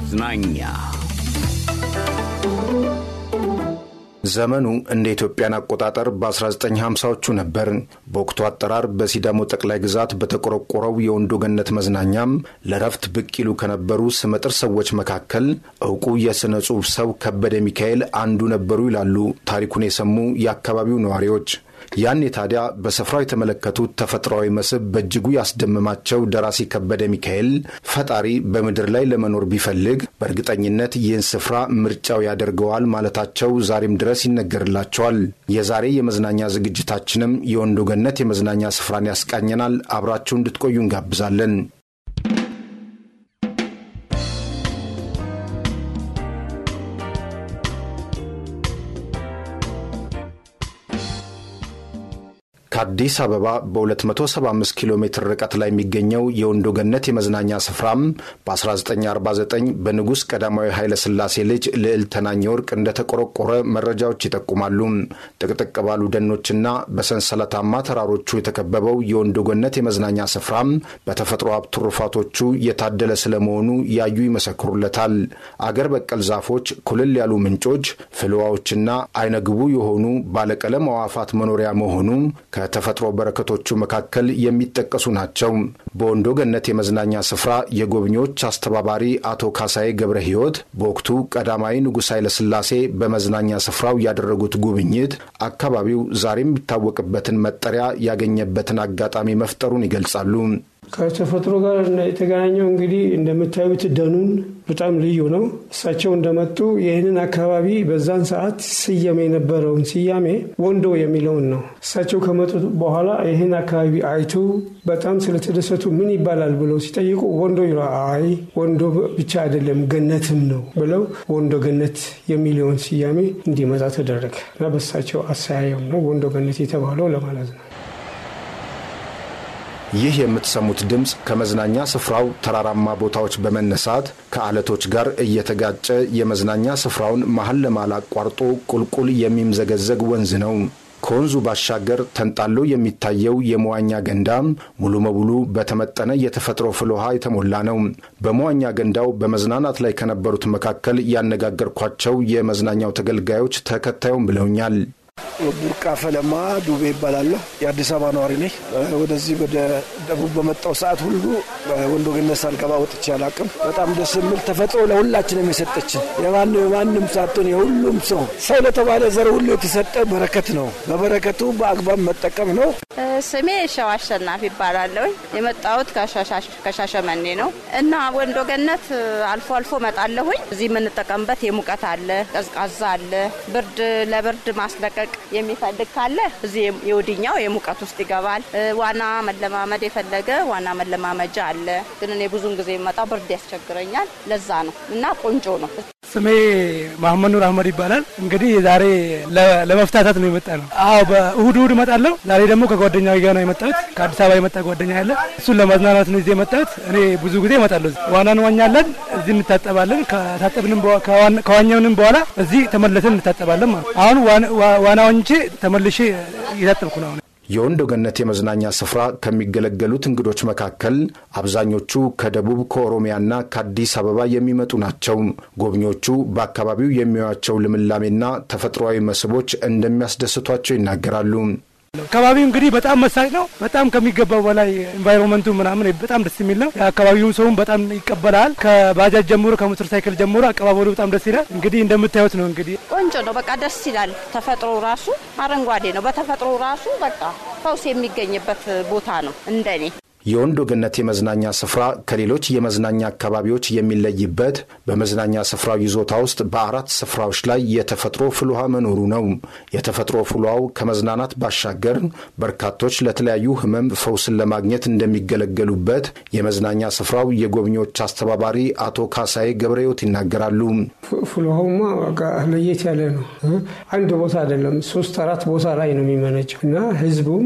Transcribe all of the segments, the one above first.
መዝናኛ ዘመኑ እንደ ኢትዮጵያን አቆጣጠር በ1950ዎቹ ነበር። በወቅቱ አጠራር በሲዳሞ ጠቅላይ ግዛት በተቆረቆረው የወንዶ ገነት መዝናኛም ለረፍት ብቅ ይሉ ከነበሩ ስመጥር ሰዎች መካከል እውቁ የሥነ ጽሑፍ ሰው ከበደ ሚካኤል አንዱ ነበሩ ይላሉ ታሪኩን የሰሙ የአካባቢው ነዋሪዎች። ያኔ ታዲያ በስፍራው የተመለከቱት ተፈጥሯዊ መስህብ በእጅጉ ያስደመማቸው ደራሲ ከበደ ሚካኤል ፈጣሪ በምድር ላይ ለመኖር ቢፈልግ በእርግጠኝነት ይህን ስፍራ ምርጫው ያደርገዋል ማለታቸው ዛሬም ድረስ ይነገርላቸዋል። የዛሬ የመዝናኛ ዝግጅታችንም የወንዶ ገነት የመዝናኛ ስፍራን ያስቃኘናል። አብራችሁ እንድትቆዩ እንጋብዛለን። ከአዲስ አበባ በ275 ኪሎ ሜትር ርቀት ላይ የሚገኘው የወንዶ ገነት የመዝናኛ ስፍራም በ1949 በንጉሥ ቀዳማዊ ኃይለ ሥላሴ ልጅ ልዕል ተናኘ ወርቅ እንደተቆረቆረ መረጃዎች ይጠቁማሉ። ጥቅጥቅ ባሉ ደኖችና በሰንሰለታማ ተራሮቹ የተከበበው የወንዶ ገነት የመዝናኛ ስፍራም በተፈጥሮ ሀብት ትሩፋቶቹ የታደለ ስለመሆኑ ያዩ ይመሰክሩለታል። አገር በቀል ዛፎች፣ ኩልል ያሉ ምንጮች፣ ፍልዋዎችና አይነግቡ የሆኑ ባለቀለም አዋፋት መኖሪያ መሆኑ ከ ከተፈጥሮ በረከቶቹ መካከል የሚጠቀሱ ናቸው። በወንዶ ገነት የመዝናኛ ስፍራ የጎብኚዎች አስተባባሪ አቶ ካሳዬ ገብረ ሕይወት በወቅቱ ቀዳማዊ ንጉሥ ኃይለሥላሴ በመዝናኛ ስፍራው ያደረጉት ጉብኝት አካባቢው ዛሬ የሚታወቅበትን መጠሪያ ያገኘበትን አጋጣሚ መፍጠሩን ይገልጻሉ። ከተፈጥሮ ጋር የተገናኘው እንግዲህ እንደምታዩት ደኑን በጣም ልዩ ነው። እሳቸው እንደመጡ ይህንን አካባቢ በዛን ሰዓት ስያሜ የነበረውን ስያሜ ወንዶ የሚለውን ነው። እሳቸው ከመጡ በኋላ ይህን አካባቢ አይቱ በጣም ስለተደሰቱ ምን ይባላል ብለው ሲጠይቁ ወንዶ ይሏ አይ ወንዶ ብቻ አይደለም ገነትም ነው ብለው ወንዶ ገነት የሚለውን ስያሜ እንዲመጣ ተደረገ እና በእሳቸው አሰያየም ነው ወንዶ ገነት የተባለው ለማለት ነው። ይህ የምትሰሙት ድምፅ ከመዝናኛ ስፍራው ተራራማ ቦታዎች በመነሳት ከአለቶች ጋር እየተጋጨ የመዝናኛ ስፍራውን መሀል ለመሀል አቋርጦ ቁልቁል የሚምዘገዘግ ወንዝ ነው። ከወንዙ ባሻገር ተንጣሎ የሚታየው የመዋኛ ገንዳ ሙሉ በሙሉ በተመጠነ የተፈጥሮ ፍል ውሃ የተሞላ ነው። በመዋኛ ገንዳው በመዝናናት ላይ ከነበሩት መካከል ያነጋገርኳቸው የመዝናኛው ተገልጋዮች ተከታዩም ብለውኛል። ቡርቃ ፈለማ ዱቤ ይባላለሁ። የአዲስ አበባ ነዋሪ ነኝ። ወደዚህ ወደ ደቡብ በመጣው ሰዓት ሁሉ ወንዶ ገነት ሳልገባ ወጥቼ አላቅም። በጣም ደስ የሚል ተፈጥሮ ለሁላችንም የሰጠችን የማንም የማንም ሳትሆን የሁሉም ሰው ሰው ለተባለ ዘር ሁሉ የተሰጠ በረከት ነው። በበረከቱ በአግባብ መጠቀም ነው። ስሜ ሸው አሸናፊ ይባላለሁ። የመጣሁት ከሻሸመኔ ነው እና ወንዶ ገነት አልፎ አልፎ መጣለሁኝ። እዚህ የምንጠቀምበት የሙቀት አለ፣ ቀዝቃዛ አለ፣ ብርድ ለብርድ ማስለቀቅ እንዲለቅ የሚፈልግ ካለ እዚህ የወዲኛው የሙቀት ውስጥ ይገባል። ዋና መለማመድ የፈለገ ዋና መለማመጃ አለ። ግን እኔ ጊዜ የመጣው ብርድ ያስቸግረኛል። ለዛ ነው እና ቆንጆ ነው። ስሜ መሐመድ ኑር አህመድ ይባላል። እንግዲህ ዛሬ ለመፍታታት ነው የመጣ ነው። አዎ በእሁድ እሁድ እመጣለሁ። ዛሬ ደግሞ ከጓደኛ ጋር ነው የመጣሁት። ከአዲስ አበባ የመጣ ጓደኛ ያለ እሱን ለመዝናናት ነው እዚህ የመጣሁት። እኔ ብዙ ጊዜ እመጣለሁ። ዋና እንዋኛለን፣ እዚህ እንታጠባለን። ከታጠብንም ከዋኛውንም በኋላ እዚህ ተመለስን እንታጠባለን ማለት አሁን ዋና ዋኝቼ ተመልሼ እየታጠብኩ ነው። የወንዶ ገነት የመዝናኛ ስፍራ ከሚገለገሉት እንግዶች መካከል አብዛኞቹ ከደቡብ ከኦሮሚያና ከአዲስ አበባ የሚመጡ ናቸው። ጎብኚዎቹ በአካባቢው የሚያዩአቸው ልምላሜና ተፈጥሯዊ መስህቦች እንደሚያስደስቷቸው ይናገራሉ። አካባቢው እንግዲህ በጣም መሳጭ ነው። በጣም ከሚገባው በላይ ኤንቫይሮንመንቱ ምናምን በጣም ደስ የሚል ነው። የአካባቢውን ሰውም በጣም ይቀበላል። ከባጃጅ ጀምሮ ከሞተር ሳይክል ጀምሮ አቀባበሉ በጣም ደስ ይላል። እንግዲህ እንደምታዩት ነው። እንግዲህ ቆንጆ ነው። በቃ ደስ ይላል። ተፈጥሮ ራሱ አረንጓዴ ነው። በተፈጥሮ ራሱ በቃ ፈውስ የሚገኝበት ቦታ ነው እንደኔ የወንዶ ገነት የመዝናኛ ስፍራ ከሌሎች የመዝናኛ አካባቢዎች የሚለይበት በመዝናኛ ስፍራው ይዞታ ውስጥ በአራት ስፍራዎች ላይ የተፈጥሮ ፍልውሃ መኖሩ ነው። የተፈጥሮ ፍልውሃው ከመዝናናት ባሻገር በርካቶች ለተለያዩ ህመም ፈውስን ለማግኘት እንደሚገለገሉበት የመዝናኛ ስፍራው የጎብኚዎች አስተባባሪ አቶ ካሳዬ ገብረዮት ይናገራሉ። ፍልውሃውማ ለየት ያለ ነው። አንድ ቦታ አይደለም፣ ሶስት አራት ቦታ ላይ ነው የሚመነጨው እና ህዝቡም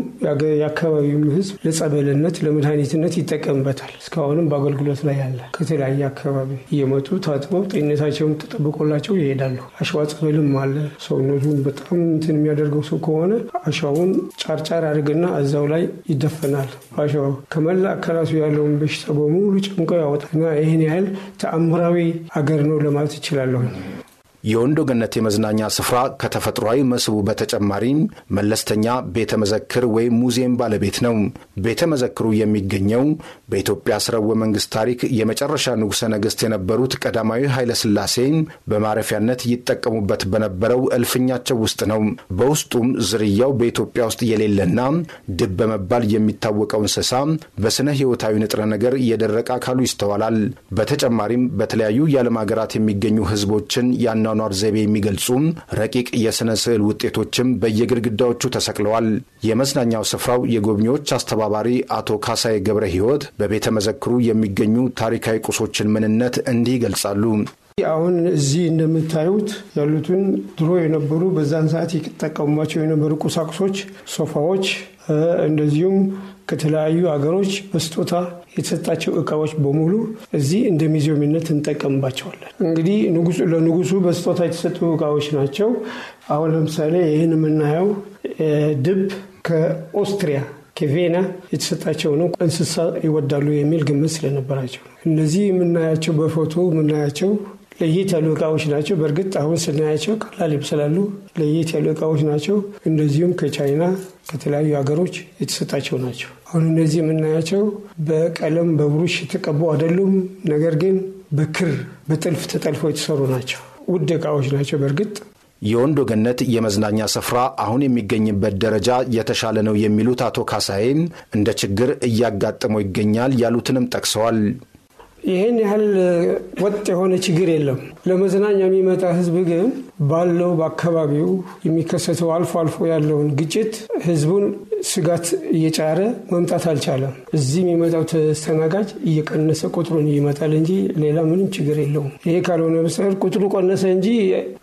የአካባቢውም ህዝብ ለጸበልነት ለመድ መድኃኒትነት ይጠቀምበታል። እስካሁንም በአገልግሎት ላይ ያለ ከተለያየ አካባቢ እየመጡ ታጥበው ጤንነታቸውን ተጠብቆላቸው ይሄዳሉ። አሸዋ ጸበልም አለ። ሰውነቱን በጣም እንትን የሚያደርገው ሰው ከሆነ አሸዋውን ጫርጫር አድርግና እዛው ላይ ይደፈናል። አሸዋ ከመላ አካላቱ ያለውን በሽታ በሙሉ ጨምቀው ያወጣና ይህን ያህል ተአምራዊ አገር ነው ለማለት ይችላለሁ። የወንዶ ገነት የመዝናኛ ስፍራ ከተፈጥሯዊ መስህቡ በተጨማሪም መለስተኛ ቤተ መዘክር ወይም ሙዚየም ባለቤት ነው። ቤተ መዘክሩ የሚገኘው በኢትዮጵያ ስርወ መንግስት ታሪክ የመጨረሻ ንጉሠ ነገሥት የነበሩት ቀዳማዊ ኃይለ ሥላሴ በማረፊያነት ይጠቀሙበት በነበረው እልፍኛቸው ውስጥ ነው። በውስጡም ዝርያው በኢትዮጵያ ውስጥ የሌለና ድብ በመባል የሚታወቀው እንስሳ በስነ ሕይወታዊ ንጥረ ነገር የደረቀ አካሉ ይስተዋላል። በተጨማሪም በተለያዩ የዓለም ሀገራት የሚገኙ ህዝቦችን ያና የአኗኗር ዘይቤ የሚገልጹም ረቂቅ የሥነ ስዕል ውጤቶችም በየግድግዳዎቹ ተሰቅለዋል። የመዝናኛው ስፍራው የጎብኚዎች አስተባባሪ አቶ ካሳይ ገብረ ሕይወት በቤተ መዘክሩ የሚገኙ ታሪካዊ ቁሶችን ምንነት እንዲህ ይገልጻሉ። አሁን እዚህ እንደምታዩት ያሉትን ድሮ የነበሩ በዛን ሰዓት ይጠቀሙባቸው የነበሩ ቁሳቁሶች፣ ሶፋዎች እንደዚሁም ከተለያዩ ሀገሮች በስጦታ የተሰጣቸው እቃዎች በሙሉ እዚህ እንደ ሚዚዮሚነት እንጠቀምባቸዋለን። እንግዲህ ለንጉሱ በስጦታ የተሰጡ እቃዎች ናቸው። አሁን ለምሳሌ ይህን የምናየው ድብ ከኦስትሪያ ከቬና የተሰጣቸው ነው። እንስሳ ይወዳሉ የሚል ግምት ስለነበራቸው ነው። እነዚህ የምናያቸው በፎቶ የምናያቸው ለየት ያሉ እቃዎች ናቸው። በእርግጥ አሁን ስናያቸው ቀላል ይመስላሉ። ለየት ያሉ እቃዎች ናቸው። እንደዚሁም ከቻይና ከተለያዩ ሀገሮች የተሰጣቸው ናቸው። አሁን እነዚህ የምናያቸው በቀለም በብሩሽ የተቀቡ አይደሉም። ነገር ግን በክር በጥልፍ ተጠልፈው የተሰሩ ናቸው። ውድ እቃዎች ናቸው በእርግጥ የወንዶ ገነት የመዝናኛ ስፍራ አሁን የሚገኝበት ደረጃ የተሻለ ነው የሚሉት አቶ ካሳይን እንደ ችግር እያጋጠመው ይገኛል ያሉትንም ጠቅሰዋል። ይህን ያህል ወጥ የሆነ ችግር የለም። ለመዝናኛ የሚመጣ ህዝብ ግን ባለው በአካባቢው የሚከሰተው አልፎ አልፎ ያለውን ግጭት ህዝቡን ስጋት እየጫረ መምጣት አልቻለም። እዚህ የሚመጣው ተስተናጋጅ እየቀነሰ ቁጥሩን ይመጣል እንጂ ሌላ ምንም ችግር የለውም። ይሄ ካልሆነ በስተቀር ቁጥሩ ቀነሰ እንጂ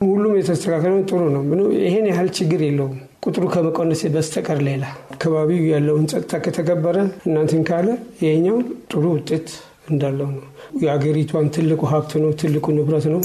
ሁሉም የተስተካከለው ጥሩ ነው። ይሄን ያህል ችግር የለውም ቁጥሩ ከመቀነስ በስተቀር ሌላ አካባቢው ያለውን ጸጥታ ከተከበረ እናንትን ካለ ይሄኛው ጥሩ ውጤት እንዳለው ነው። የአገሪቷን ትልቁ ሀብት ነው፣ ትልቁ ንብረት ነው።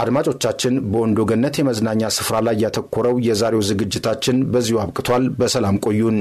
አድማጮቻችን፣ በወንዶ ገነት የመዝናኛ ስፍራ ላይ ያተኮረው የዛሬው ዝግጅታችን በዚሁ አብቅቷል። በሰላም ቆዩን።